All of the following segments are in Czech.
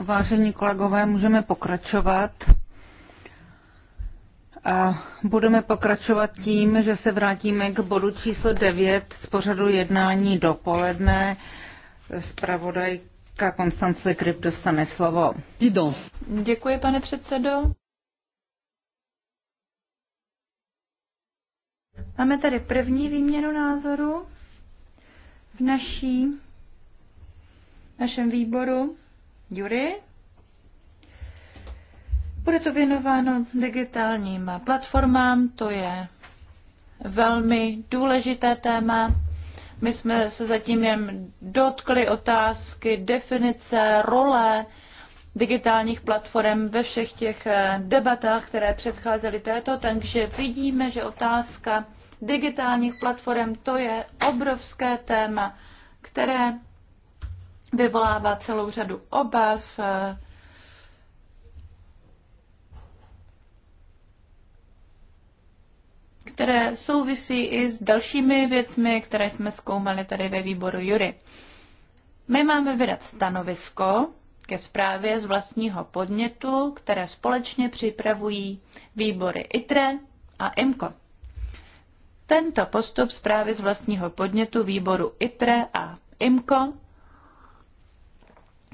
Vážení kolegové, můžeme pokračovat. A budeme pokračovat tím, že se vrátíme k bodu číslo 9 z pořadu jednání dopoledne. Zpravodajka Konstance Kryp dostane slovo. Děkuji, pane předsedo. Máme tady první výměnu názoru v naší, našem výboru Jury. Bude to věnováno digitálním platformám, to je velmi důležité téma. My jsme se zatím jen dotkli otázky, definice, role digitálních platform ve všech těch debatách, které předcházely této, takže vidíme, že otázka digitálních platform, to je obrovské téma, které vyvolává celou řadu obav. které souvisí i s dalšími věcmi, které jsme zkoumali tady ve výboru Jury. My máme vydat stanovisko ke zprávě z vlastního podnětu, které společně připravují výbory ITRE a IMCO tento postup zprávy z vlastního podnětu výboru ITRE a IMCO,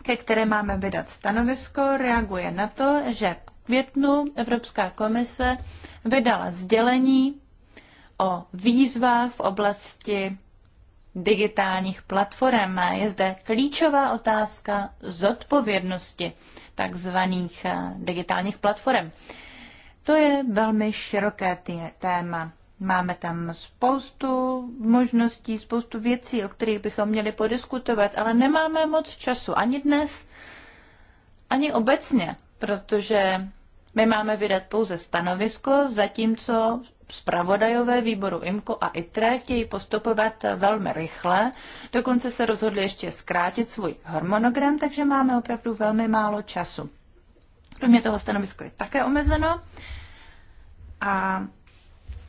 ke které máme vydat stanovisko, reaguje na to, že v květnu Evropská komise vydala sdělení o výzvách v oblasti digitálních platform. Je zde klíčová otázka zodpovědnosti takzvaných eh, digitálních platform. To je velmi široké téma. Máme tam spoustu možností, spoustu věcí, o kterých bychom měli podiskutovat, ale nemáme moc času ani dnes, ani obecně, protože my máme vydat pouze stanovisko, zatímco zpravodajové výboru IMKO a ITRE chtějí postupovat velmi rychle. Dokonce se rozhodli ještě zkrátit svůj harmonogram, takže máme opravdu velmi málo času. Kromě toho stanovisko je také omezeno. A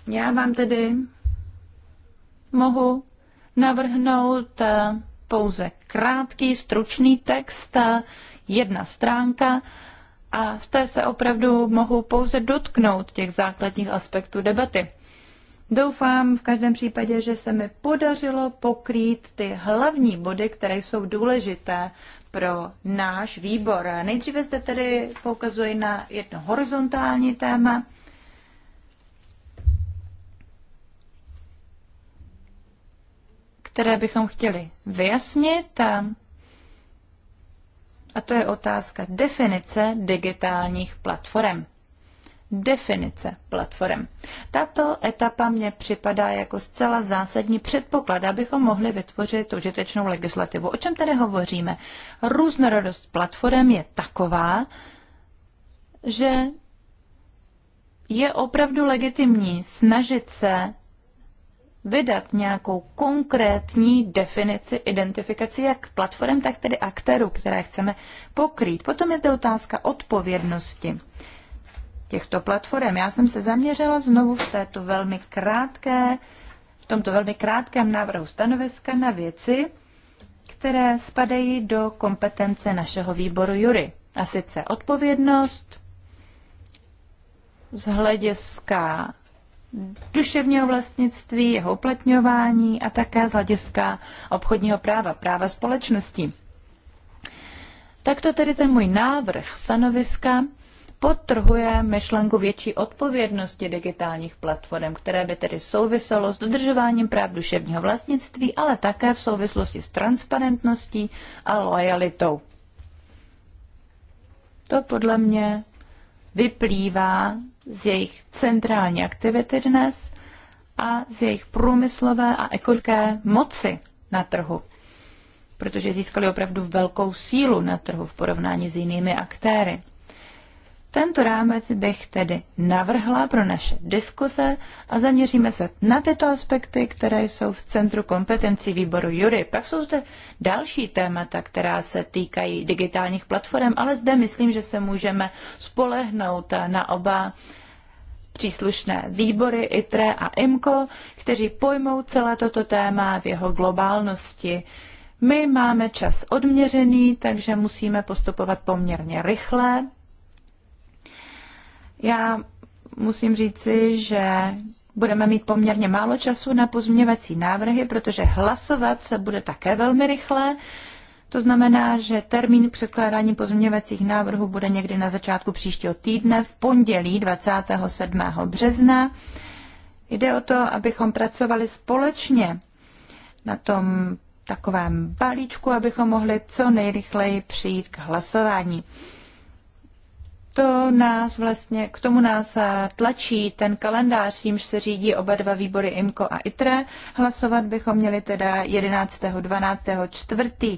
já vám tedy mohu navrhnout eh, pouze krátký, stručný text, eh, jedna stránka a v té se opravdu mohu pouze dotknout těch základních aspektů debaty. Doufám v každém případě, že se mi podařilo pokrýt ty hlavní body, které jsou důležité pro náš výbor. Nejdříve zde tedy poukazuji na jedno horizontální téma, které bychom chtěli vyjasnit. A to je otázka definice digitálních platform. Definice platform. Tato etapa mně připadá jako zcela zásadní předpoklad, abychom mohli vytvořit užitečnou legislativu. O čem tady hovoříme? Různorodost platform je taková, že je opravdu legitimní snažit se vydat nějakou konkrétní definici, identifikace jak platform, tak tedy aktérů, které chceme pokrýt. Potom je zde otázka odpovědnosti těchto platform. Já jsem se zaměřila znovu v této velmi krátké, v tomto velmi krátkém návrhu stanoviska na věci, které spadají do kompetence našeho výboru jury. A sice odpovědnost z hlediska duševního vlastnictví, jeho uplatňování a také z hlediska obchodního práva, práva Tak Takto tedy ten můj návrh stanoviska podtrhuje myšlenku větší odpovědnosti digitálních platform, které by tedy souviselo s dodržováním práv duševního vlastnictví, ale také v souvislosti s transparentností a lojalitou. To podle mě vyplývá z jejich centrální aktivity dnes a z jejich průmyslové a ekonomické moci na trhu, protože získali opravdu velkou sílu na trhu v porovnání s jinými aktéry. Tento rámec bych tedy navrhla pro naše diskuse a zaměříme se na tyto aspekty, které jsou v centru kompetencí výboru Jury. Pak jsou zde další témata, která se týkají digitálních platform, ale zde myslím, že se můžeme spolehnout na oba příslušné výbory ITRE a IMCO, kteří pojmou celé toto téma v jeho globálnosti. My máme čas odměřený, takže musíme postupovat poměrně rychle, já musím říci, že budeme mít poměrně málo času na pozměňovací návrhy, protože hlasovat se bude také velmi rychle. To znamená, že termín předkládání pozměňovacích návrhů bude někdy na začátku příštího týdne v pondělí 27. března. Jde o to, abychom pracovali společně na tom takovém balíčku, abychom mohli co nejrychleji přijít k hlasování to nás vlastně, k tomu nás tlačí ten kalendář, jímž se řídí oba dva výbory IMCO a ITRE. Hlasovat bychom měli teda 11. 12. čtvrtý.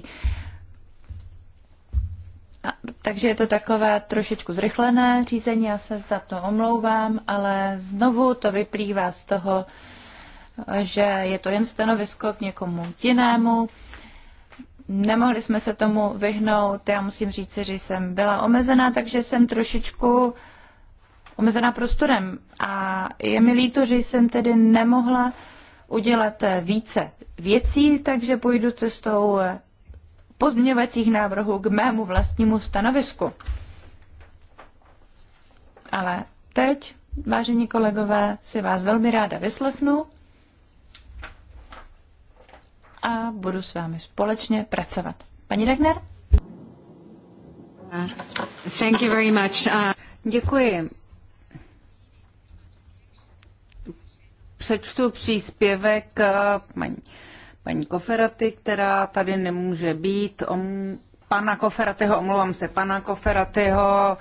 A, takže je to takové trošičku zrychlené řízení, já se za to omlouvám, ale znovu to vyplývá z toho, že je to jen stanovisko k někomu jinému nemohli jsme se tomu vyhnout. Já musím říct, že jsem byla omezená, takže jsem trošičku omezená prostorem. A je mi líto, že jsem tedy nemohla udělat více věcí, takže půjdu cestou pozměňovacích návrhů k mému vlastnímu stanovisku. Ale teď, vážení kolegové, si vás velmi ráda vyslechnu a budu s vámi společně pracovat. Paní Regner? Thank you very much. Děkuji. Přečtu příspěvek eh, paní, paní Koferaty, která tady nemůže být. Om, pana Koferatyho, omlouvám se, pana Koferatyho,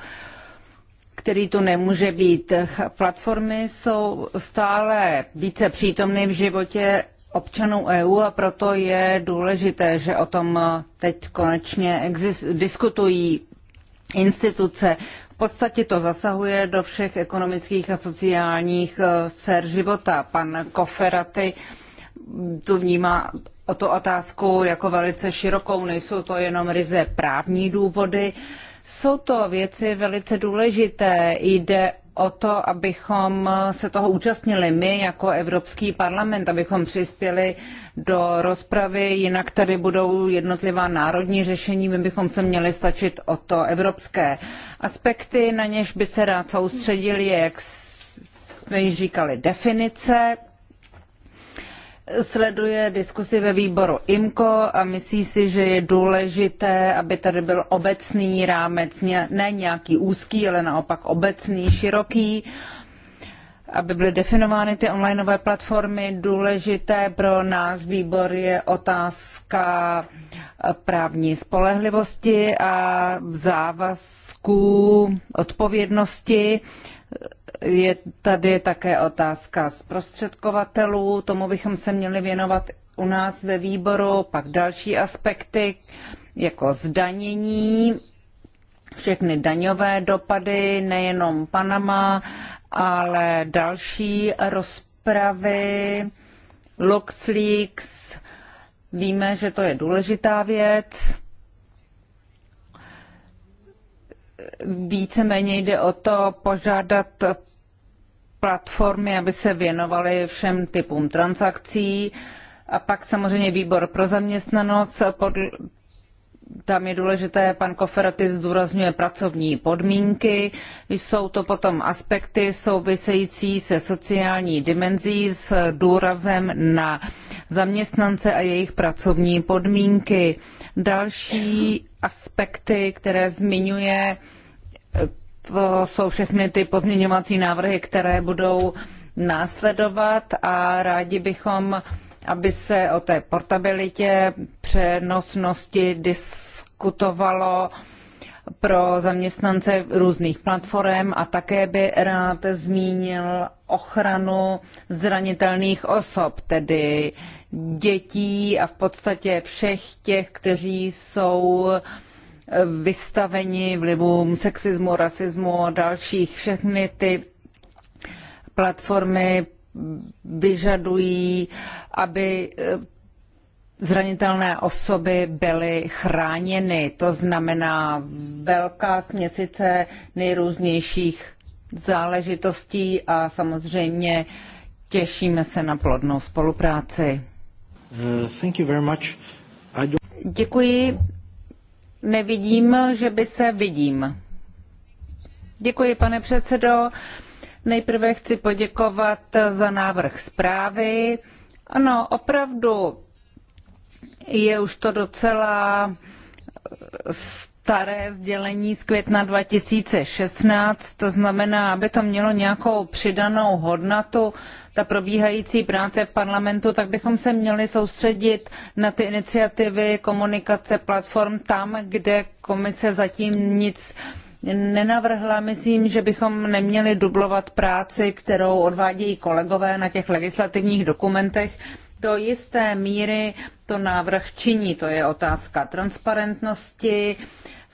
který tu nemůže být. Platformy jsou stále více přítomny v životě občanů EU a proto je důležité, že o tom teď konečně diskutují instituce. V podstatě to zasahuje do všech ekonomických a sociálních e, sfér života. Pan Koferaty tu vnímá o tu otázku jako velice širokou, nejsou to jenom ryze právní důvody. Jsou to věci velice důležité. Jde o to, abychom se toho účastnili my jako Evropský parlament, abychom přispěli do rozpravy, jinak tady budou jednotlivá národní řešení, my bychom se měli stačit o to evropské. Aspekty, na něž by se rád soustředil, je, jak jsme již říkali, definice sleduje diskusi ve výboru IMCO a myslí si, že je důležité, aby tady byl obecný rámec, ne nějaký úzký, ale naopak obecný, široký, aby byly definovány ty onlineové platformy. Důležité pro náš výbor je otázka právní spolehlivosti a závazků odpovědnosti je tady také otázka zprostředkovatelů, tomu bychom se měli věnovat u nás ve výboru, pak další aspekty jako zdanění, všechny daňové dopady, nejenom Panama, ale další rozpravy, LuxLeaks, víme, že to je důležitá věc víceméně jde o to požádat platformy, aby se věnovaly všem typům transakcí. A pak samozřejmě výbor pro zaměstnanost, pod, tam je důležité, pan Koferaty zdůrazňuje pracovní podmínky, jsou to potom aspekty související se sociální dimenzí s důrazem na zaměstnance a jejich pracovní podmínky. Další aspekty, které zmiňuje, to jsou všechny ty pozměňovací návrhy, které budou následovat a rádi bychom, aby se o té portabilitě, přenosnosti diskutovalo pro zaměstnance různých platform a také by rád zmínil ochranu zranitelných osob, tedy dětí a v podstatě všech těch, kteří jsou uh, vystaveni vlivům sexismu, rasismu a dalších. Všechny ty platformy vyžadují, aby eh, zranitelné osoby byly chráněny. To znamená velká směsice nejrůznějších záležitostí a samozřejmě těšíme se na plodnou spolupráci. Uh, thank you very much. Děkuji nevidím, že by se vidím. Děkuji, pane předsedo. Nejprve chci poděkovat za návrh zprávy. Ano, opravdu je už to docela staré sdělení z května 2016, to znamená, aby to mělo nějakou přidanou hodnotu, ta probíhající práce v parlamentu, tak bychom se měli soustředit na ty iniciativy komunikace platform tam, kde komise zatím nic nenavrhla. Myslím, že bychom neměli dublovat práci, kterou odvádějí kolegové na těch legislativních dokumentech. Do jisté míry to návrh činí. To je otázka transparentnosti,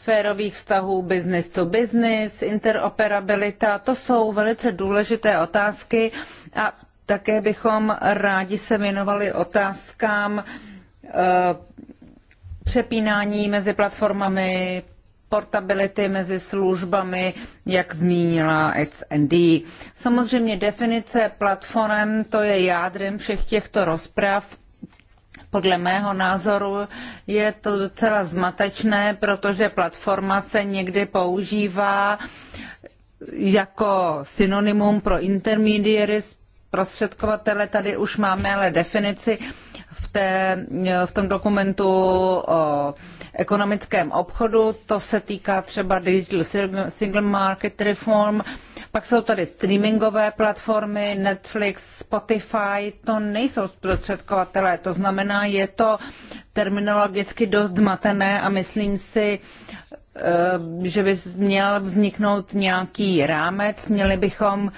férových vztahů business to business, interoperabilita, to jsou velice důležité otázky a také bychom rádi se věnovali otázkám eh, přepínání mezi platformami, portability mezi službami, jak zmínila XND. Samozřejmě definice platform, to je jádrem všech těchto rozprav podle mého názoru je to docela zmatečné, protože platforma se někdy používá jako synonymum pro intermediary zprostředkovatele. Tady už máme ale definici v, té, v tom dokumentu o ekonomickém obchodu, to se týká třeba Digital Single Market Reform, pak jsou tady streamingové platformy, Netflix, Spotify, to nejsou zprostředkovatelé, to znamená, je to terminologicky dost matené a myslím si, eh, že by měl vzniknout nějaký rámec, měli bychom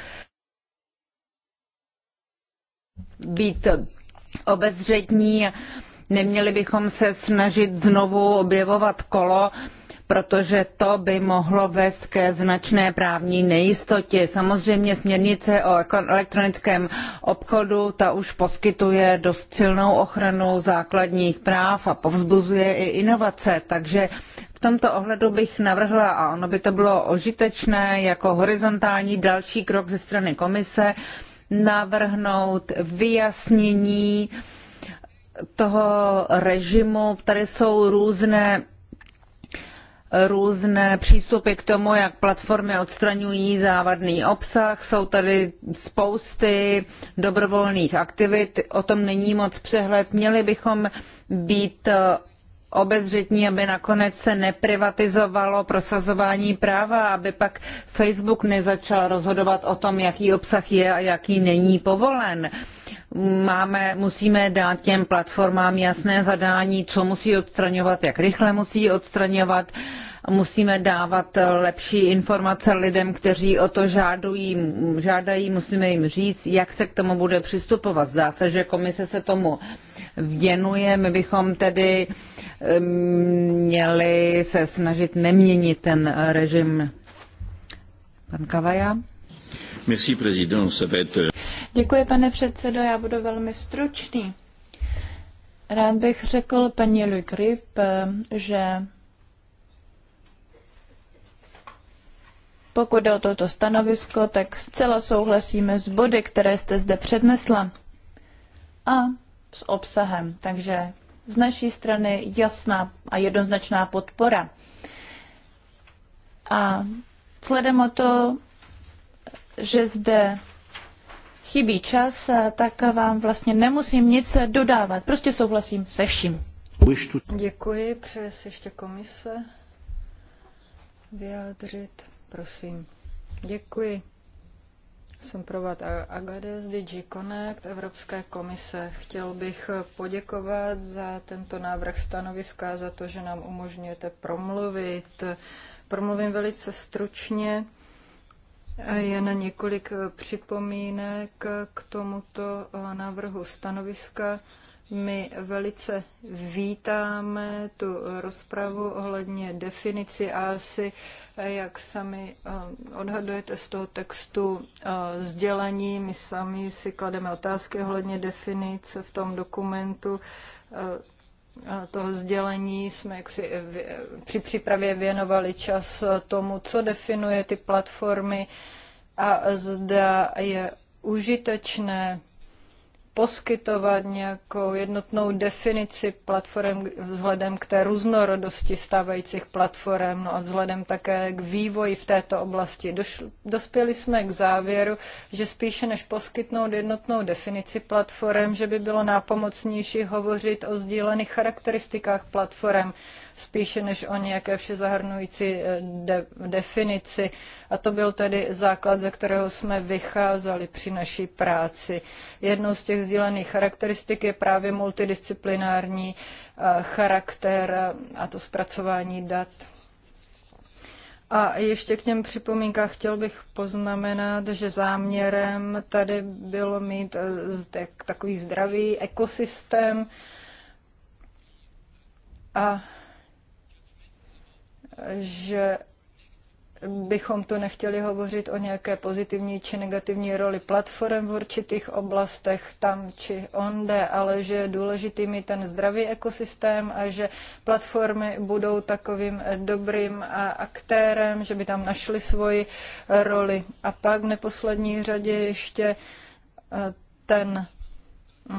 být obezřetní Neměli bychom se snažit znovu objevovat kolo, protože to by mohlo vést ke značné právní nejistotě. Samozřejmě směrnice o elektronickém obchodu, ta už poskytuje dost silnou ochranu základních práv a povzbuzuje i inovace, takže v tomto ohledu bych navrhla, a ono by to bylo ožitečné, jako horizontální další krok ze strany komise, navrhnout vyjasnění toho režimu, tady jsou různé různé přístupy k tomu, jak platformy odstraňují závadný obsah. Jsou tady spousty dobrovolných aktivit, o tom není moc přehled. Měli bychom být obezřetní, aby nakonec se neprivatizovalo prosazování práva, aby pak Facebook nezačal rozhodovat o tom, jaký obsah je a jaký není povolen. Máme, musíme dát těm platformám jasné zadání, co musí odstraňovat, jak rychle musí odstraňovat. Musíme dávat lepší informace lidem, kteří o to žádují, žádají, musíme jim říct, jak se k tomu bude přistupovat. Zdá se, že komise se tomu věnuje. My bychom tedy uh, měli se snažit neměnit ten eh, režim. Pan Kavaja? Merci, euh, Děkuji, pane předsedo, já budu velmi stručný. Rád bych řekl paní Le Grip, eh, že Pokud jde o toto stanovisko, tak zcela souhlasíme s body, které jste zde přednesla a s obsahem. Takže z naší strany jasná a jednoznačná podpora. A vzhledem o to, že zde chybí čas, tak vám vlastně nemusím nic dodávat. Prostě souhlasím se vším. Děkuji. Přeje se ještě komise vyjádřit. Prosím. Děkuji. Jsem Provat Agades, DG Connect, Evropské komise. Chtěl bych poděkovat za tento návrh stanoviska, za to, že nám umožňujete promluvit. Promluvím velice stručně. Jen několik připomínek k tomuto návrhu stanoviska. My velice vítáme tu rozpravu ohledně definici a asi, jak sami eh, odhadujete z toho textu eh, sdělení, my sami si klademe otázky ohledně definice v tom dokumentu eh, toho sdělení jsme jaksi při přípravě věnovali čas tomu, co definuje ty platformy a zda je užitečné poskytovat nějakou jednotnou definici platform vzhledem k té různorodosti stávajících platform no a vzhledem také k vývoji v této oblasti. dospěli jsme k závěru, že spíše než poskytnout jednotnou definici platform, že by bylo nápomocnější hovořit o sdílených charakteristikách platform spíše než o nějaké všezahrnující eh, de- definici. A to byl tedy základ, ze kterého jsme vycházeli při naší práci. Jednou z těch sdílených charakteristik je právě multidisciplinární eh, charakter eh, a to zpracování dat. A ještě k těm připomínkám chtěl bych poznamenat, že záměrem tady bylo mít takový zdravý ekosystém a že bychom tu nechtěli hovořit o nějaké pozitivní či negativní roli platform v určitých oblastech tam či onde, ale že je důležitý mít ten zdravý ekosystém a že platformy budou takovým dobrým aktérem, že by tam našli svoji roli. A pak v neposlední řadě ještě eh, ten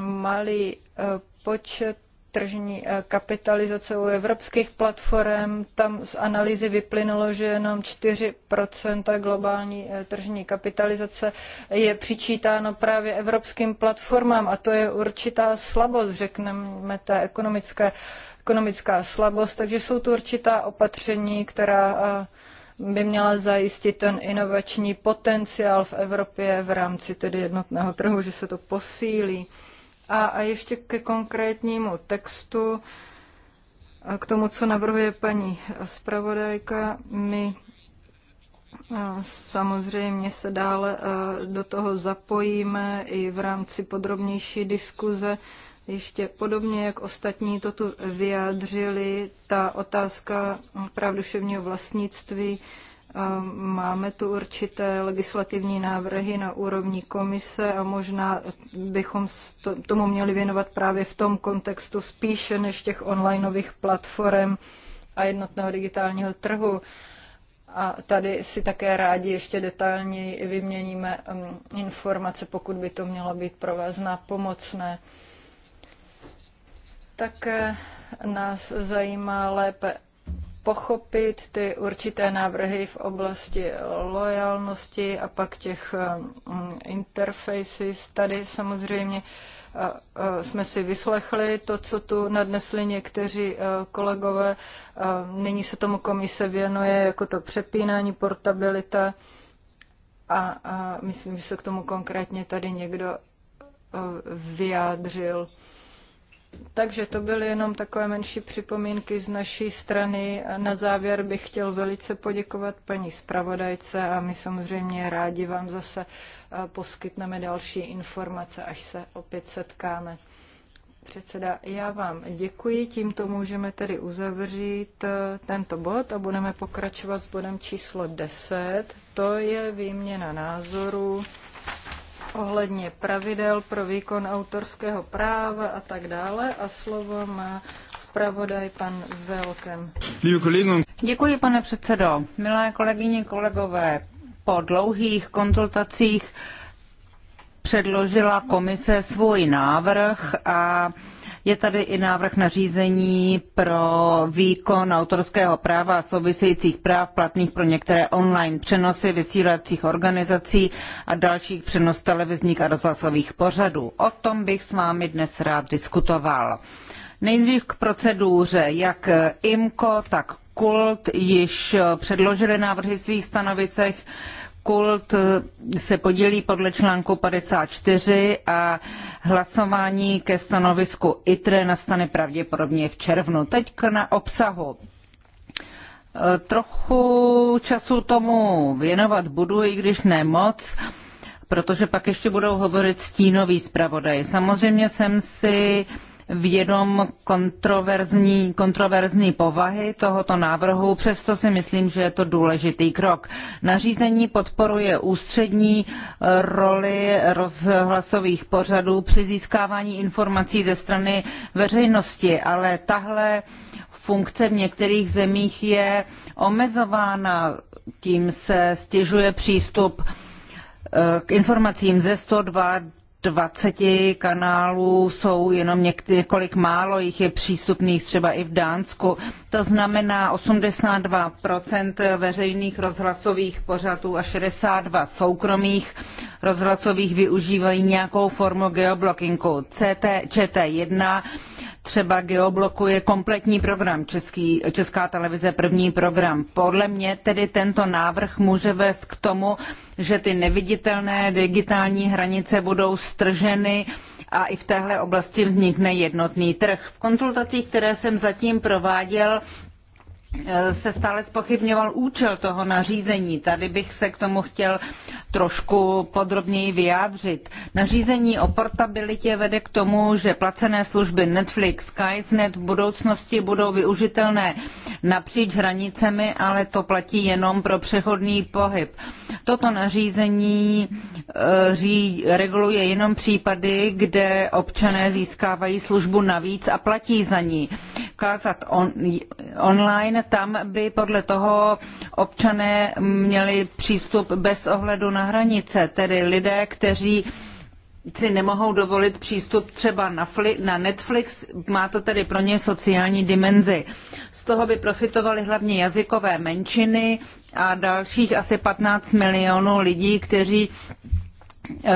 malý eh, počet tržní eh, kapitalizace u evropských platform. Tam z analýzy vyplynulo, že jenom 4 globální eh, tržní kapitalizace je přičítáno právě evropským platformám a to je určitá slabost, řekneme, té ekonomické, ekonomická slabost. Takže jsou tu určitá opatření, která eh, by měla zajistit ten inovační potenciál v Evropě v rámci tedy jednotného trhu, že se to posílí. A, a ještě ke konkrétnímu textu, k tomu, co navrhuje paní zpravodajka, my Samozřejmě se dále do toho zapojíme i v rámci podrobnější diskuze. Ještě podobně, jak ostatní to tu vyjádřili, ta otázka právduševního vlastnictví Máme tu určité legislativní návrhy na úrovni komise a možná bychom tomu měli věnovat právě v tom kontextu spíše než těch onlineových platform a jednotného digitálního trhu. A tady si také rádi ještě detailněji vyměníme um, informace, pokud by to mělo být pro vás pomocné. Také eh, nás zajímá lépe pochopit ty určité návrhy v oblasti lojalnosti a pak těch um, interfaces. Tady samozřejmě uh, uh, jsme si vyslechli to, co tu nadnesli někteří uh, kolegové. Nyní se tomu komise věnuje, jako to přepínání, portabilita. A, myslím, že se k tomu konkrétně tady někdo vyjádřil. Takže to byly jenom takové menší připomínky z naší strany. Na závěr bych chtěl velice poděkovat paní zpravodajce a my samozřejmě rádi vám zase eh, poskytneme další informace, až se opět setkáme. Předseda, já vám děkuji. Tímto můžeme tedy uzavřít eh, tento bod a budeme pokračovat s bodem číslo 10. To je výměna názoru ohledně pravidel pro výkon autorského práva a tak dále. A slovo má zpravodaj pan Velkem. Děkuji, pane předsedo. Milé kolegyně, kolegové, po dlouhých konzultacích předložila komise svůj návrh a je tady i návrh nařízení pro výkon autorského práva a souvisejících práv platných pro některé online přenosy vysílacích organizací a dalších přenos televizních a rozhlasových pořadů. O tom bych s vámi dnes rád diskutoval. Nejdřív k proceduře. Jak IMCO, tak KULT již předložili návrhy svých stanovisek kult eh, se podílí podle článku 54 a hlasování ke stanovisku ITRE nastane pravděpodobně v červnu. Teď na obsahu. Eh, trochu času tomu věnovat budu, i když ne moc, protože pak ještě budou hovořit stínoví zpravodaj. Samozřejmě jsem si vědom kontroverzní, kontroverzní povahy tohoto návrhu, přesto si myslím, že je to důležitý krok. Nařízení podporuje ústřední eh, roli rozhlasových pořadů při získávání informací ze strany veřejnosti, ale tahle funkce v některých zemích je omezována, tím se stěžuje přístup eh, k informacím ze 102 20 kanálů jsou jenom několik málo, jich je přístupných třeba i v Dánsku. To znamená 82% veřejných rozhlasových pořadů a 62 soukromých rozhlasových využívají nějakou formu geoblockingu. CT, ČT1 třeba geoblokuje kompletní program Český, Česká televize první program. Podle mě tedy tento návrh může vést k tomu, že ty neviditelné digitální hranice budou strženy a i v téhle oblasti vznikne jednotný trh. V konzultacích, které jsem zatím prováděl, Eh, se stále spochybňoval účel toho nařízení. Tady bych se k tomu chtěl trošku podrobněji vyjádřit. Nařízení o portabilitě vede k tomu, že placené služby Netflix, Skysnet v budoucnosti budou využitelné napříč hranicemi, ale to platí jenom pro přechodný pohyb. Toto nařízení eh, ří, reguluje jenom případy, kde občané získávají službu navíc a platí za ní. Kázat on, online tam by podle toho občané měli přístup bez ohledu na hranice, tedy lidé, kteří si nemohou dovolit přístup třeba na, na Netflix, má to tedy pro ně sociální dimenzi. Z toho by profitovaly hlavně jazykové menšiny a dalších asi 15 milionů lidí, kteří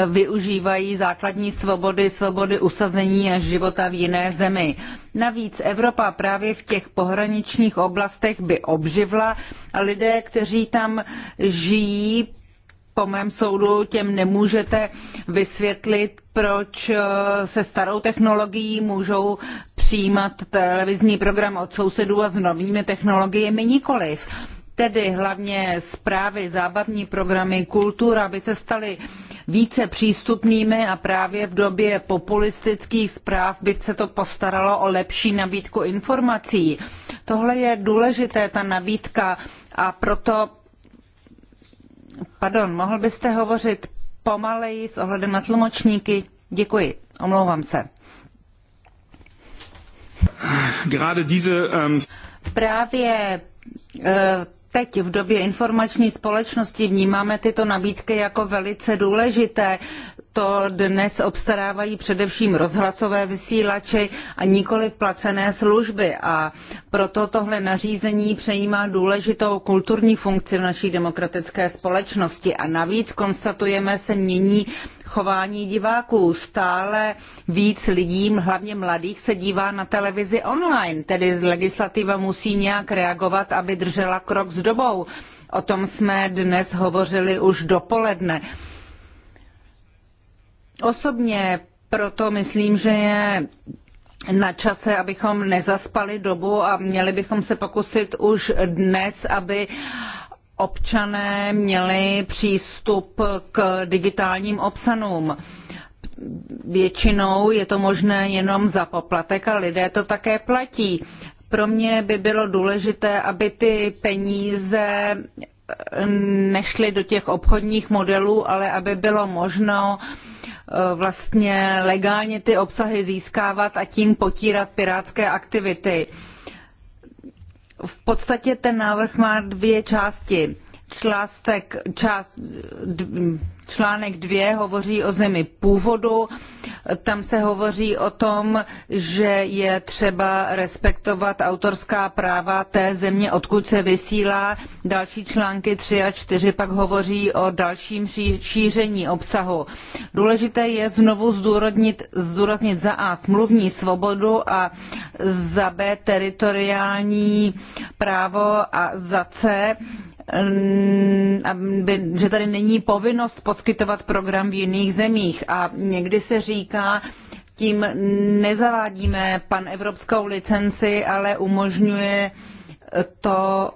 využívají základní svobody, svobody usazení a života v jiné zemi. Navíc Evropa právě v těch pohraničních oblastech by obživla a lidé, kteří tam žijí, po mém soudu těm nemůžete vysvětlit, proč eh, se starou technologií můžou přijímat televizní program od sousedů a s novými technologiemi nikoliv. Tedy hlavně zprávy, zábavní programy, kultura by se staly více přístupnými a právě v době populistických zpráv by se to postaralo o lepší nabídku informací. Tohle je důležité, ta nabídka a proto Pardon, mohl byste hovořit pomaleji s ohledem na tlumočníky? Děkuji, omlouvám se. Ähm, právě teď v době informační společnosti vnímáme tyto nabídky jako velice důležité to dnes obstarávají především rozhlasové vysílače a nikoli placené služby. A proto tohle nařízení přejímá důležitou kulturní funkci v naší demokratické společnosti. A navíc konstatujeme se mění chování diváků. Stále víc lidí, hlavně mladých, se dívá na televizi online, tedy legislativa musí nějak reagovat, aby držela krok s dobou. O tom jsme dnes hovořili už dopoledne osobně, proto myslím, že je na čase, abychom nezaspali dobu a měli bychom se pokusit už dnes, aby občané měli přístup k digitálním obsanům. Většinou je to možné jenom za poplatek a lidé to také platí. Pro mě by bylo důležité, aby ty peníze nešli do těch obchodních modelů, ale aby bylo možno eh, vlastně legálně ty obsahy získávat a tím potírat pirátské aktivity. V podstatě ten návrh má dvě části. Člástek, část, Článek 2 hovoří o zemi původu. Tam se hovoří o tom, že je třeba respektovat autorská práva té země, odkud se vysílá. Další články 3 a 4 pak hovoří o dalším šíření obsahu. Důležité je znovu zdůraznit, zdůraznit za A smluvní svobodu a za B teritoriální právo a za C že tady není povinnost poskytovat program v jiných zemích. A někdy se říká, tím nezavádíme panevropskou licenci, ale umožňuje to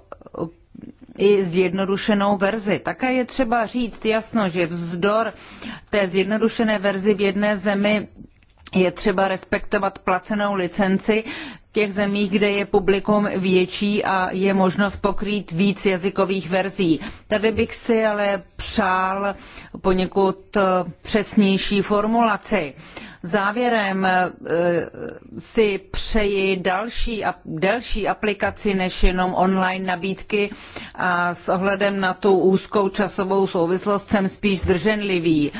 i zjednodušenou verzi. Také je třeba říct jasno, že vzdor té zjednodušené verzi v jedné zemi je třeba respektovat placenou licenci, těch zemích, kde je publikum větší a je možnost pokrýt víc jazykových verzí. Tady bych si ale přál poněkud eh, přesnější formulaci. Závěrem eh, si přeji další, delší aplikaci než jenom online nabídky a s ohledem na tu úzkou časovou souvislost jsem spíš zdrženlivý.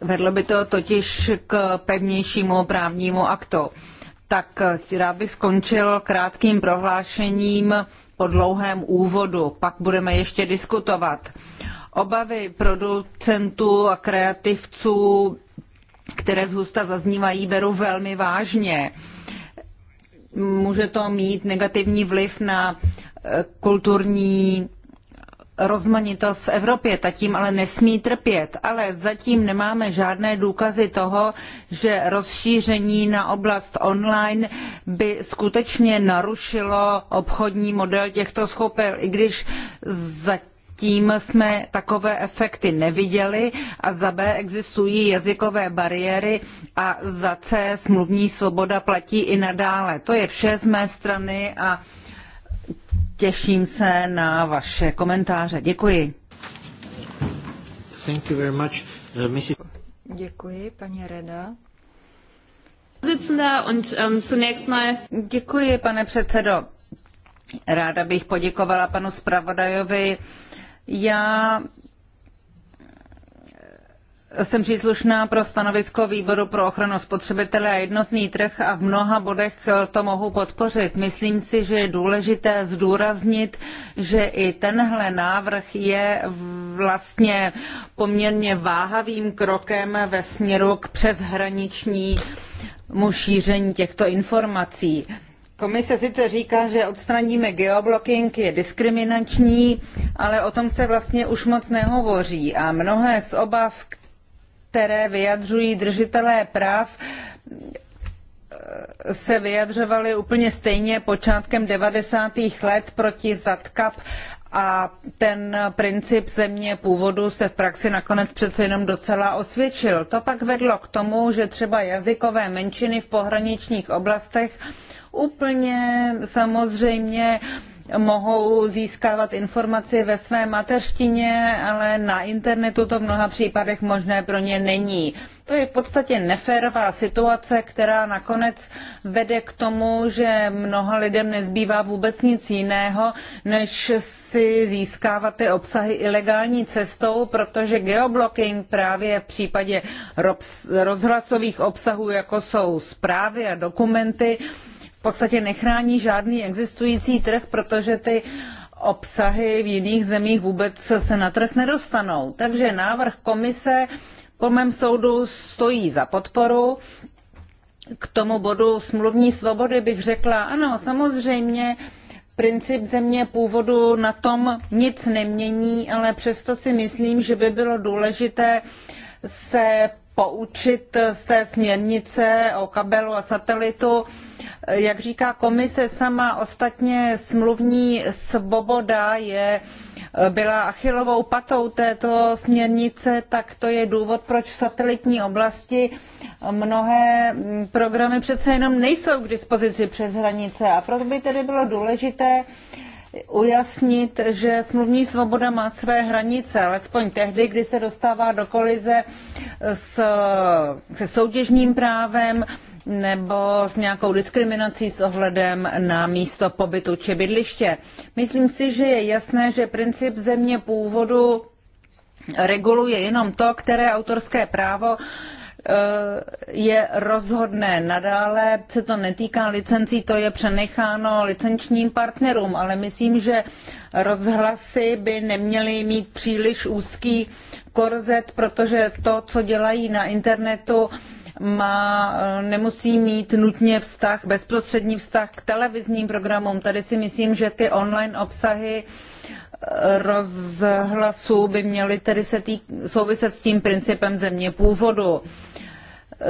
Vedlo by to totiž k pevnějšímu právnímu aktu tak eh, rád bych skončil krátkým prohlášením po dlouhém úvodu. Pak budeme ještě diskutovat. Obavy producentů a kreativců, které hůsta zaznívají, beru velmi vážně. Může to mít negativní vliv na eh, kulturní rozmanitost v Evropě, ta tím ale nesmí trpět. Ale zatím nemáme žádné důkazy toho, že rozšíření na oblast online by skutečně narušilo obchodní model těchto skupin, i když zatím zatím jsme takové efekty neviděli a za B existují jazykové bariéry a za C smluvní svoboda platí i nadále. To je vše z mé strany a Těším se na vaše komentáře. Děkuji. Thank you very much, uh, Mrs. Děkuji, paní Reda. Ähm, Děkuji, pane předsedo. Ráda bych poděkovala panu zpravodajovi. Já jsem příslušná pro stanovisko výboru pro ochranu spotřebitele a jednotný trh a v mnoha bodech eh, to mohu podpořit. Myslím si, že je důležité zdůraznit, že i tenhle návrh je vlastně poměrně váhavým krokem ve směru k přeshraničnímu šíření těchto informací. Komise sice říká, že odstraníme geoblocking, je diskriminační, ale o tom se vlastně už moc nehovoří a mnohé z obav, které které vyjadřují držitelé práv, eh, se vyjadřovali úplně stejně počátkem 90. let proti ZATCAP a ten princip země původu se v praxi nakonec přece jenom docela osvědčil. To pak vedlo k tomu, že třeba jazykové menšiny v pohraničních oblastech úplně samozřejmě mohou získávat informaci ve své mateřštině, ale na internetu to v mnoha případech možné pro ně není. To je v podstatě neférová situace, která nakonec vede k tomu, že mnoha lidem nezbývá vůbec nic jiného, než si získávat ty obsahy ilegální cestou, protože geoblocking právě v případě rozhlasových obsahů, jako jsou zprávy a dokumenty, podstatě nechrání žádný existující trh, protože ty obsahy v jiných zemích vůbec se na trh nedostanou. Takže návrh komise po mém soudu stojí za podporu. K tomu bodu smluvní svobody bych řekla, ano, samozřejmě princip země původu na tom nic nemění, ale přesto si myslím, že by bylo důležité se poučit z té směrnice o kabelu a satelitu. Jak říká komise sama, ostatně smluvní svoboda je, byla achilovou patou této směrnice, tak to je důvod, proč v satelitní oblasti mnohé programy přece jenom nejsou k dispozici přes hranice. A proto by tedy bylo důležité, ujasnit, že smluvní svoboda má své hranice, alespoň tehdy, kdy se dostává do kolize s, se soutěžním právem nebo s nějakou diskriminací s ohledem na místo pobytu či bydliště. Myslím si, že je jasné, že princip země původu reguluje jenom to, které autorské právo je rozhodné. Nadále se to netýká licencí, to je přenecháno licenčním partnerům, ale myslím, že rozhlasy by neměly mít příliš úzký korzet, protože to, co dělají na internetu, má, nemusí mít nutně vztah, bezprostřední vztah k televizním programům. Tady si myslím, že ty online obsahy eh, rozhlasu by měly tedy se tý, souviset s tím principem země původu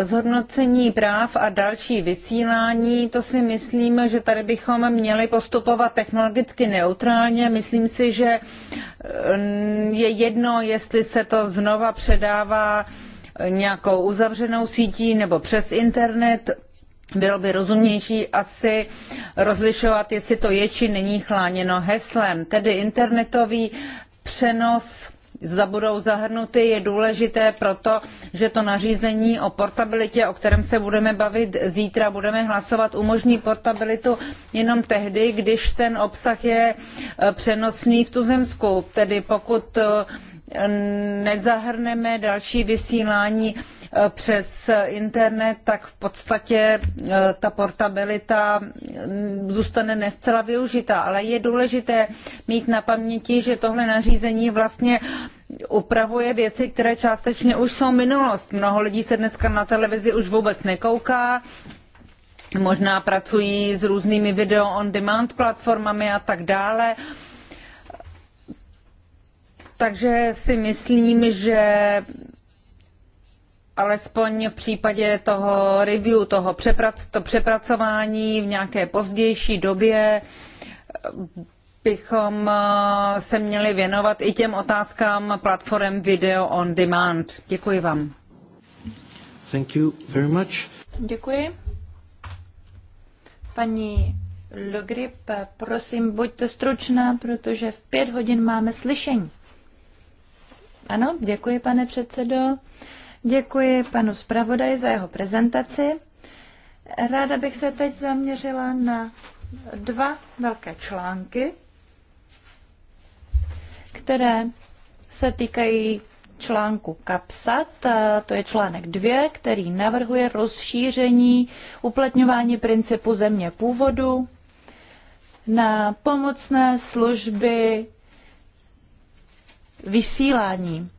zhodnocení práv a další vysílání, to si myslím, že tady bychom měli postupovat technologicky neutrálně. Myslím si, že mm, je jedno, jestli se to znova předává nějakou uzavřenou sítí nebo přes internet. Bylo by rozumnější asi rozlišovat, jestli to je či není chláněno heslem. Tedy internetový přenos budou zahrnuty, je důležité proto, že to nařízení o portabilitě, o kterém se budeme bavit zítra, budeme hlasovat, umožní portabilitu jenom tehdy, když ten obsah je e, přenosný v tuzemsku. Tedy pokud e, nezahrneme další vysílání přes internet, tak v podstatě e, ta portabilita zůstane nescela využitá. Ale je důležité mít na paměti, že tohle nařízení vlastně upravuje věci, které částečně už jsou minulost. Mnoho lidí se dneska na televizi už vůbec nekouká, možná pracují s různými video on demand platformami a tak dále. Takže si myslím, že alespoň v případě toho review, toho přeprac, to přepracování v nějaké pozdější době bychom eh, se měli věnovat i těm otázkám platform Video on Demand. Děkuji vám. Thank you very much. Děkuji. Paní Logrip, prosím, buďte stručná, protože v pět hodin máme slyšení. Ano, děkuji, pane předsedo. Děkuji panu zpravodaji za jeho prezentaci. Ráda bych se teď zaměřila na dva velké články, které se týkají článku Kapsat, to je článek 2, který navrhuje rozšíření uplatňování principu země původu na pomocné služby vysílání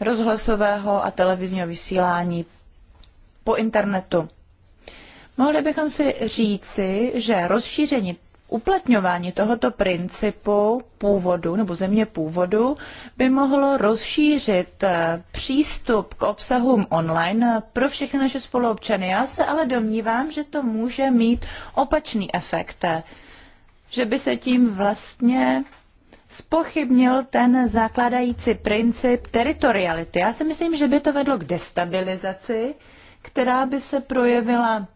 rozhlasového a televizního vysílání po internetu. Mohli bychom si říci, že rozšíření uplatňování tohoto principu původu nebo země původu by mohlo rozšířit eh, přístup k obsahům online pro všechny naše spoluobčany. Já se ale domnívám, že to může mít opačný efekt, že by se tím vlastně spochybnil ten zakládající princip teritoriality. Já si myslím, že by to vedlo k destabilizaci, která by se projevila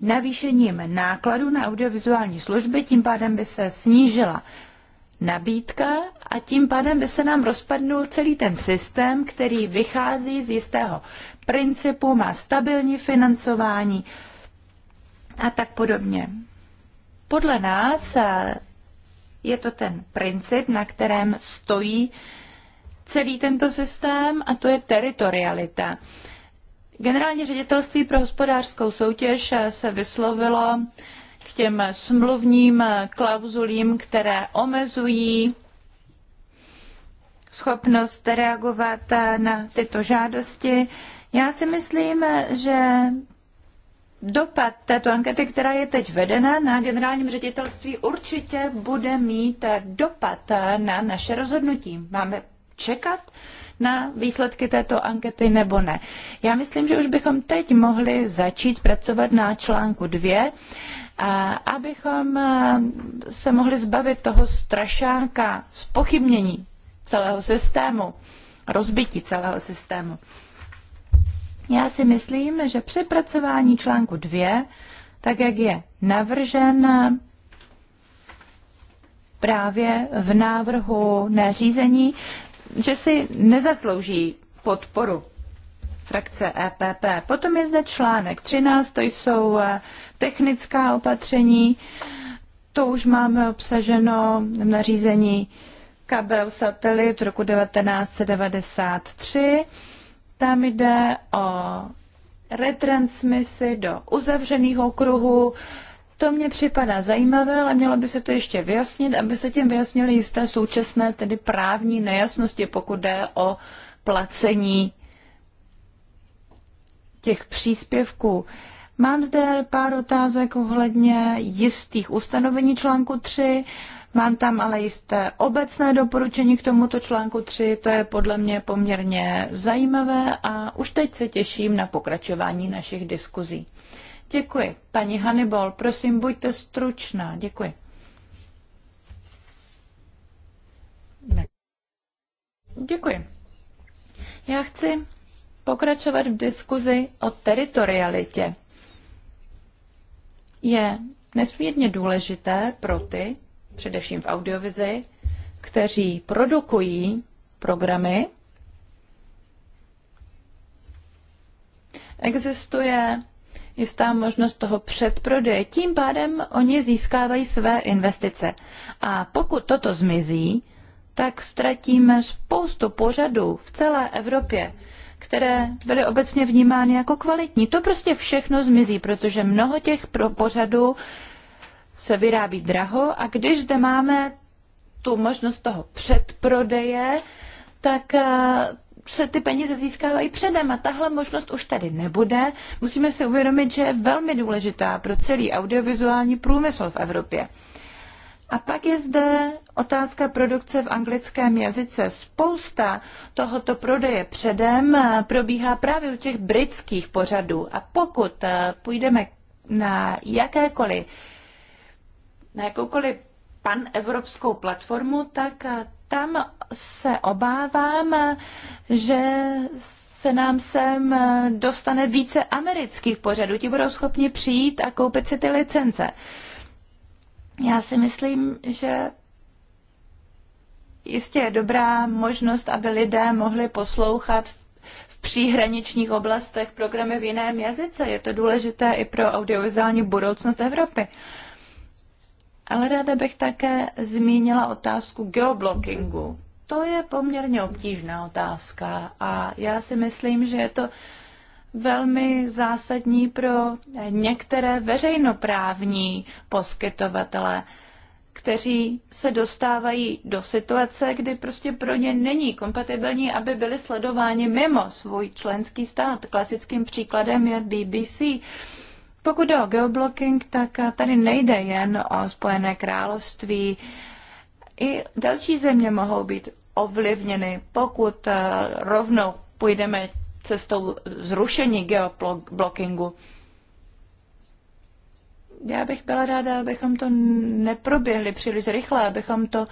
navýšením nákladů na audiovizuální služby, tím pádem by se snížila nabídka a tím pádem by se nám rozpadnul celý ten systém, který vychází z jistého principu, má stabilní financování a tak podobně. Podle nás eh, je to ten princip, na kterém stojí celý tento systém a to je teritorialita. Generální ředitelství pro hospodářskou soutěž se vyslovilo k těm smluvním klauzulím, které omezují schopnost reagovat na tyto žádosti. Já si myslím, že Dopad této ankety, která je teď vedena na generálním ředitelství, určitě bude mít dopad na naše rozhodnutí. Máme čekat na výsledky této ankety nebo ne. Já myslím, že už bychom teď mohli začít pracovat na článku 2, abychom se mohli zbavit toho strašáka, spochybnění celého systému, rozbití celého systému. Já si myslím, že přepracování článku 2, tak jak je navržen právě v návrhu nařízení, že si nezaslouží podporu frakce EPP. Potom je zde článek 13, to jsou eh, technická opatření, to už máme obsaženo v nařízení kabel satelit roku 1993. Tam jde o retransmisy do uzavřeného kruhu. To mě připadá zajímavé, ale mělo by se to ještě vyjasnit, aby se tím vyjasnily jisté současné tedy právní nejasnosti, pokud jde o placení těch příspěvků. Mám zde pár otázek ohledně jistých ustanovení článku 3. Mám tam ale jisté obecné doporučení k tomuto článku 3, to je podle mě poměrně zajímavé a už teď se těším na pokračování našich diskuzí. Děkuji. Paní Hannibal, prosím, buďte stručná. Děkuji. Děkuji. Já chci pokračovat v diskuzi o teritorialitě. Je nesmírně důležité pro ty, především v audiovizi, kteří produkují programy. Existuje jistá možnost toho předprodeje. Tím pádem oni získávají své investice. A pokud toto zmizí, tak ztratíme spoustu pořadů v celé Evropě, které byly obecně vnímány jako kvalitní. To prostě všechno zmizí, protože mnoho těch pořadů se vyrábí draho a když zde máme tu možnost toho předprodeje, tak eh, se ty peníze získávají předem a tahle možnost už tady nebude. Musíme si uvědomit, že je velmi důležitá pro celý audiovizuální průmysl v Evropě. A pak je zde otázka produkce v anglickém jazyce. Spousta tohoto prodeje předem eh, probíhá právě u těch britských pořadů. A pokud eh, půjdeme na jakékoliv na jakoukoliv panevropskou platformu, tak eh, tam se obávám, že se nám sem eh, dostane více amerických pořadů. Ti budou schopni přijít a koupit si ty licence. Já si myslím, že jistě je dobrá možnost, aby lidé mohli poslouchat v příhraničních oblastech programy v jiném jazyce. Je to důležité i pro audiovizuální budoucnost Evropy. Ale ráda bych také zmínila otázku geoblockingu. To je poměrně obtížná otázka a já si myslím, že je to velmi zásadní pro některé veřejnoprávní poskytovatele, kteří se dostávají do situace, kdy prostě pro ně není kompatibilní, aby byli sledováni mimo svůj členský stát. Klasickým příkladem je BBC, pokud jde o geoblocking, tak tady nejde jen o Spojené království. I další země mohou být ovlivněny, pokud eh, rovnou půjdeme cestou zrušení geoblockingu. Já bych byla ráda, abychom to neproběhli příliš rychle, abychom to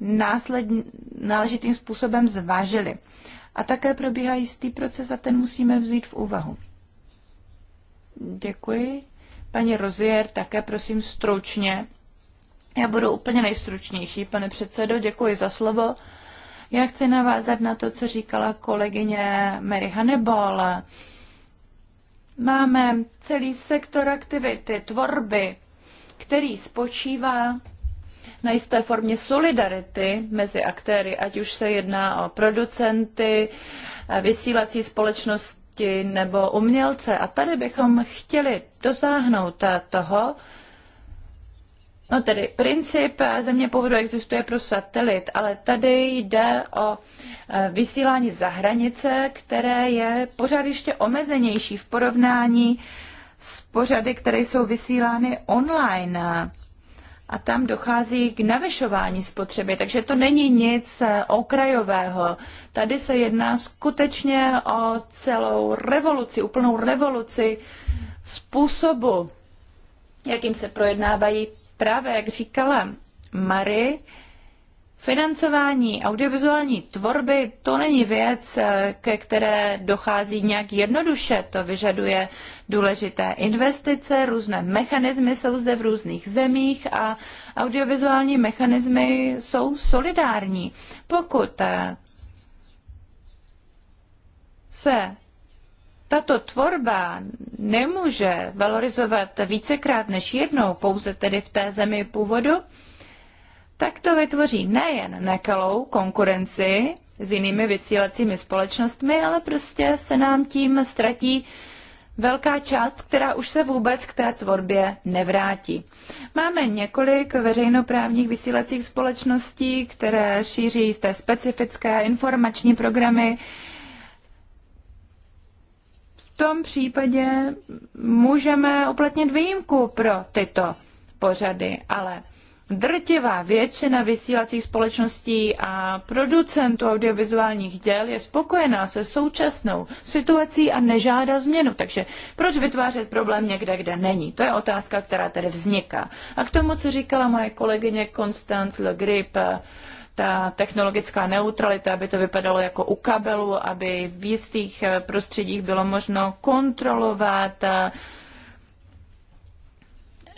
následně, náležitým způsobem zvážili. A také probíhá jistý proces a ten musíme vzít v úvahu. Děkuji. Paní Rozier, také prosím stručně. Já budu úplně nejstručnější, pane předsedo, děkuji za slovo. Já chci navázat na to, co říkala kolegyně Mary Hannibal. Máme celý sektor aktivity, tvorby, který spočívá na jisté formě solidarity mezi aktéry, ať už se jedná o producenty, vysílací společnost, umělci nebo umělce. A tady bychom chtěli dosáhnout toho, No tedy princip země původu existuje pro satelit, ale tady jde o eh, vysílání za hranice, které je pořád ještě omezenější v porovnání s pořady, které jsou vysílány online a tam dochází k navyšování spotřeby, takže to není nic eh, okrajového. Tady se jedná skutečně o celou revoluci, úplnou revoluci způsobu, jakým se projednávají právě, jak říkala Marie, Financování audiovizuální tvorby to není věc, eh, ke které dochází nějak jednoduše. To vyžaduje důležité investice, různé mechanismy jsou zde v různých zemích a audiovizuální mechanismy jsou solidární. Pokud eh, se tato tvorba nemůže valorizovat vícekrát než jednou, pouze tedy v té zemi původu, tak to vytvoří nejen nekalou konkurenci s jinými vycílecími společnostmi, ale prostě se nám tím ztratí velká část, která už se vůbec k té tvorbě nevrátí. Máme několik veřejnoprávních vysílacích společností, které šíří jisté specifické informační programy. V tom případě můžeme uplatnit výjimku pro tyto pořady, ale drtivá většina vysílacích společností a producentů audiovizuálních děl je spokojená se současnou situací a nežádá změnu. Takže proč vytvářet problém někde, kde není? To je otázka, která tedy vzniká. A k tomu, co říkala moje kolegyně Constance Le Grip, ta technologická neutralita, aby to vypadalo jako u kabelu, aby v jistých prostředích bylo možno kontrolovat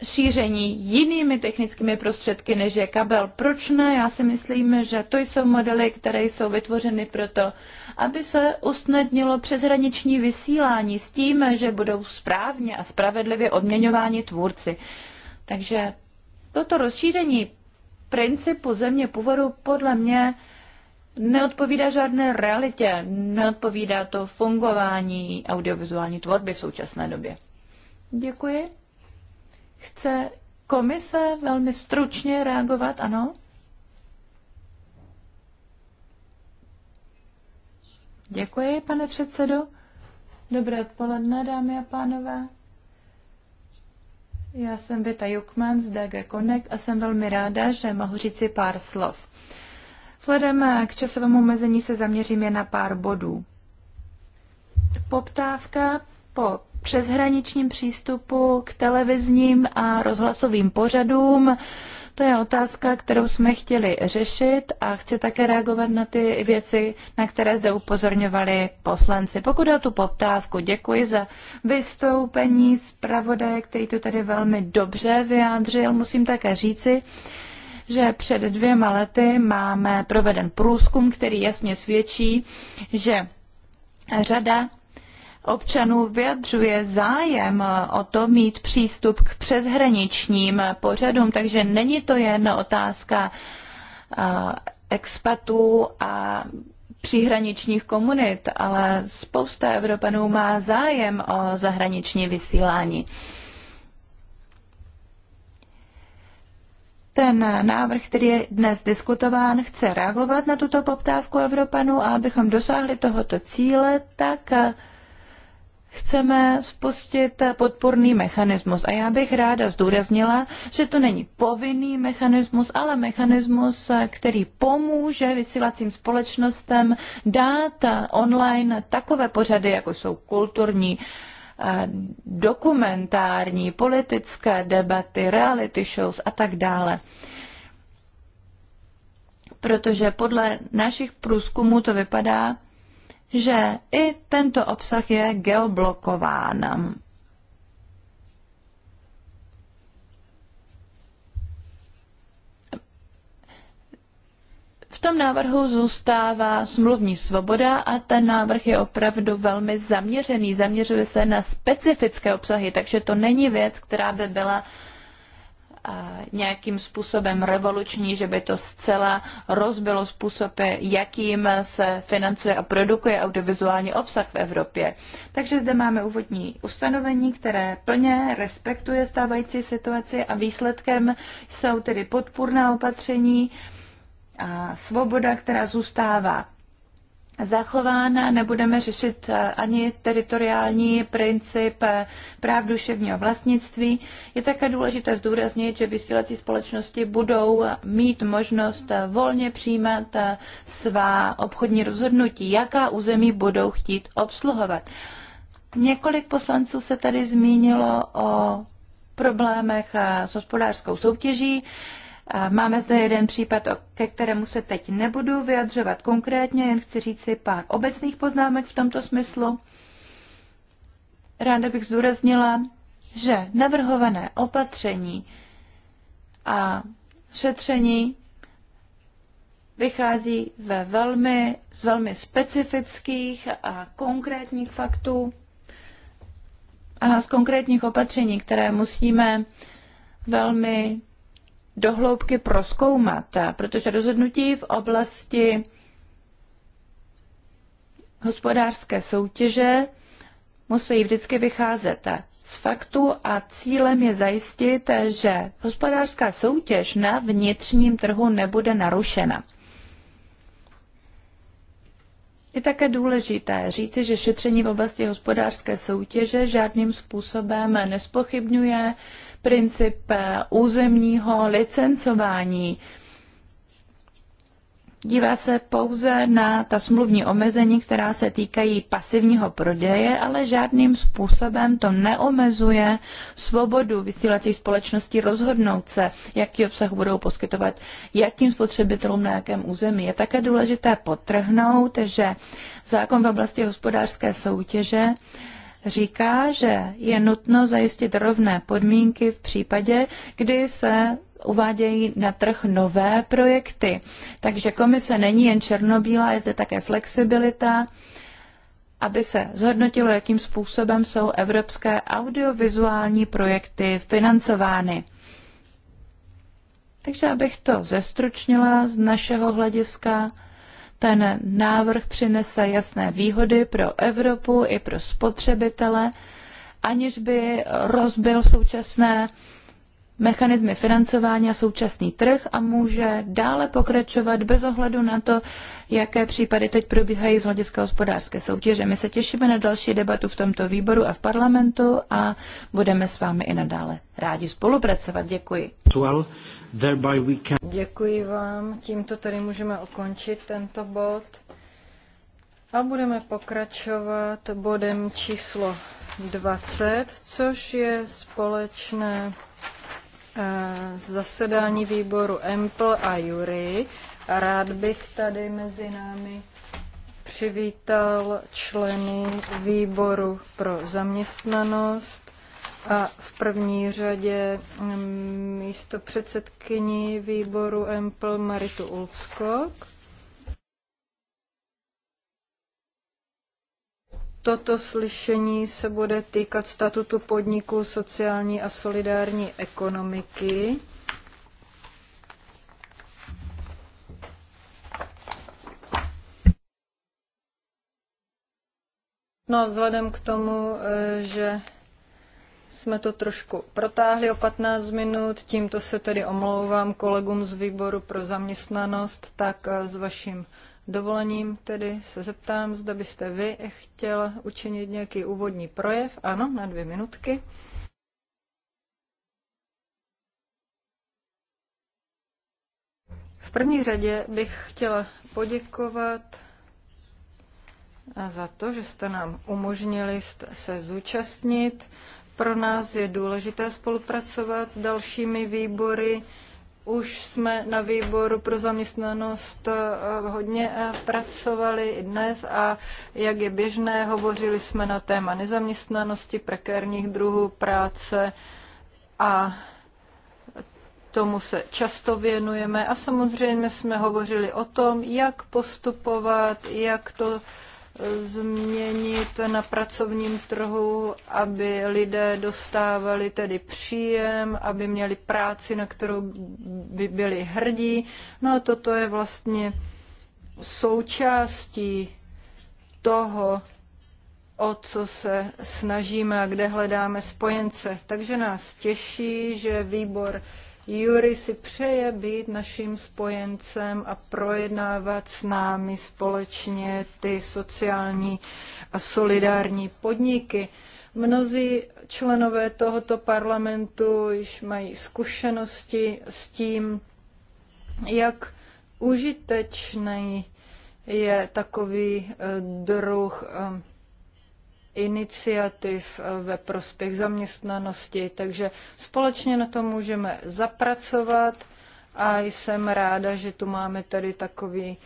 šíření jinými technickými prostředky než je kabel. Proč ne? Já si myslím, že to jsou modely, které jsou vytvořeny proto, aby se usnadnilo přeshraniční vysílání s tím, že budou správně a spravedlivě odměňováni tvůrci. Takže toto rozšíření principu země původu podle mě neodpovídá žádné realitě, neodpovídá to fungování audiovizuální tvorby v současné době. Děkuji. Chce komise velmi stručně reagovat, ano? Děkuji, pane předsedo. Dobré odpoledne, dámy a pánové. Já jsem Vita Jukman z DG Connect a jsem velmi ráda, že mohu říci pár slov. Vzhledem k časovému omezení se zaměřím jen na pár bodů. Poptávka po přeshraničním přístupu k televizním a rozhlasovým pořadům. To je otázka, kterou jsme chtěli řešit a chci také reagovat na ty věci, na které zde upozorňovali poslanci. Pokud o tu poptávku, děkuji za vystoupení zpravodaje, který to tady velmi dobře vyjádřil. Musím také říci, že před dvěma lety máme proveden průzkum, který jasně svědčí, že řada občanů vyjadřuje zájem o to mít přístup k přeshraničním pořadům, takže není to jen otázka expatů a příhraničních komunit, ale spousta Evropanů má zájem o zahraniční vysílání. Ten návrh, který je dnes diskutován, chce reagovat na tuto poptávku Evropanů a abychom dosáhli tohoto cíle, tak chceme spustit podporný mechanismus. A já bych ráda zdůraznila, že to není povinný mechanismus, ale mechanismus, který pomůže vysílacím společnostem dát online takové pořady, jako jsou kulturní, eh, dokumentární, politické debaty, reality shows a tak dále protože podle našich průzkumů to vypadá, že i tento obsah je geoblokován. V tom návrhu zůstává smluvní svoboda a ten návrh je opravdu velmi zaměřený. Zaměřuje se na specifické obsahy, takže to není věc, která by byla uh, nějakým způsobem revoluční, že by to zcela rozbilo způsoby, jakým se financuje a produkuje audiovizuální obsah v Evropě. Takže zde máme úvodní ustanovení, které plně respektuje stávající situaci a výsledkem jsou tedy podpůrná opatření a svoboda, která zůstává zachována, nebudeme řešit eh, ani teritoriální princip eh, práv duševního vlastnictví. Je také důležité zdůraznit, že vysílací společnosti budou eh, mít možnost volně přijímat svá obchodní rozhodnutí, jaká území budou chtít obsluhovat. Několik poslanců se tady zmínilo o problémech s hospodářskou soutěží. Máme zde jeden případ, ke kterému se teď nebudu vyjadřovat konkrétně, jen chci říct si pár obecných poznámek v tomto smyslu. Ráda bych zdůraznila, že navrhované opatření a šetření vychází ve velmi, z velmi specifických a konkrétních faktů a z konkrétních opatření, které musíme velmi dohloubky proskoumat, protože rozhodnutí v oblasti hospodářské soutěže musí vždycky vycházet z faktu a cílem je zajistit, že hospodářská soutěž na vnitřním trhu nebude narušena. Je také důležité říci, že šetření v oblasti hospodářské soutěže žádným způsobem nespochybňuje princip eh, územního licencování. Dívá se pouze na ta smluvní omezení, která se týkají pasivního prodeje, ale žádným způsobem to neomezuje svobodu vysílacích společností rozhodnout se, jaký obsah budou poskytovat jakým spotřebitelům na jakém území. Je také důležité potrhnout, že zákon v oblasti hospodářské soutěže říká, že je nutno zajistit rovné podmínky v případě, kdy se uvádějí na trh nové projekty. Takže komise není jen černobílá, je zde také flexibilita, aby se zhodnotilo, jakým způsobem jsou evropské audiovizuální projekty financovány. Takže abych to zestručnila z našeho hlediska, ten návrh přinese jasné výhody pro Evropu i pro spotřebitele, aniž by rozbil současné mechanismy financování a současný trh a může dále pokračovat bez ohledu na to, jaké případy teď probíhají z hlediska hospodářské soutěže. My se těšíme na další debatu v tomto výboru a v parlamentu a budeme s vámi i nadále rádi spolupracovat. Děkuji. Děkuji vám. Tímto tady můžeme ukončit tento bod. A budeme pokračovat bodem číslo 20, což je společné Eh, zasedání výboru EMPL a Jury. Rád bych tady mezi námi přivítal členy výboru pro zaměstnanost a v první řadě mm, místo předsedkyni výboru EMPL Maritu Ulskok Toto slyšení se bude týkat statutu podniku sociální a solidární ekonomiky. No a vzhledem k tomu, eh, že jsme to trošku protáhli o 15 minut, tímto se tedy omlouvám kolegům z výboru pro zaměstnanost, tak eh, s vaším dovolením tedy se zeptám, zda byste vy chtěl učinit nějaký úvodní projev. Ano, na dvě minutky. V první řadě bych chtěla poděkovat za to, že jste nám umožnili se zúčastnit. Pro nás je důležité spolupracovat s dalšími výbory už jsme na výboru pro zaměstnanost eh, hodně eh, pracovali i dnes a jak je běžné, hovořili jsme na téma nezaměstnanosti, prekérních druhů práce a tomu se často věnujeme a samozřejmě jsme hovořili o tom, jak postupovat, jak to změnit na pracovním trhu, aby lidé dostávali tedy příjem, aby měli práci, na kterou by byli hrdí. No a toto je vlastně součástí toho, o co se snažíme a kde hledáme spojence. Takže nás těší, že výbor Jury si přeje být naším spojencem a projednávat s námi společně ty sociální a solidární podniky. Mnozí členové tohoto parlamentu již mají zkušenosti s tím, jak užitečný je takový eh, druh eh, iniciativ eh, ve prospěch zaměstnanosti, takže společně na to můžeme zapracovat a jsem ráda, že tu máme tady takový,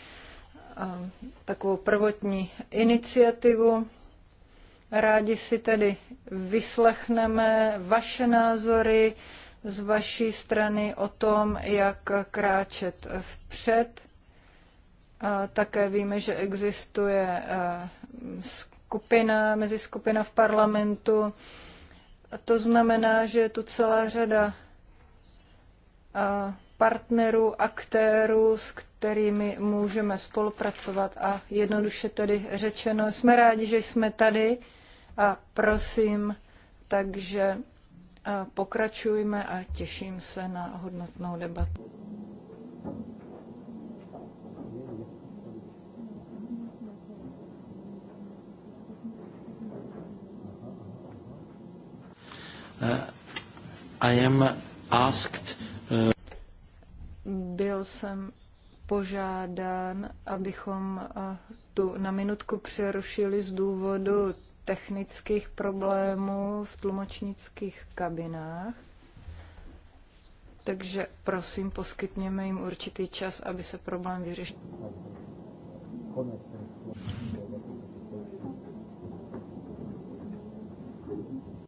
eh, takovou prvotní iniciativu. Rádi si tedy vyslechneme vaše názory z vaší strany o tom, jak kráčet vpřed. Také víme, že existuje eh, skupina, mezi skupina v parlamentu. A to znamená, že je tu celá řada partnerů, aktérů, s kterými můžeme spolupracovat. A jednoduše tedy řečeno, jsme rádi, že jsme tady a prosím, takže pokračujme a těším se na hodnotnou debatu. Eh, I am asked, uh... Byl jsem požádán, abychom eh, tu na minutku přerušili z důvodu technických problémů v tlumočnických kabinách. Takže prosím, poskytněme jim určitý čas, aby se problém vyřešil. Konec.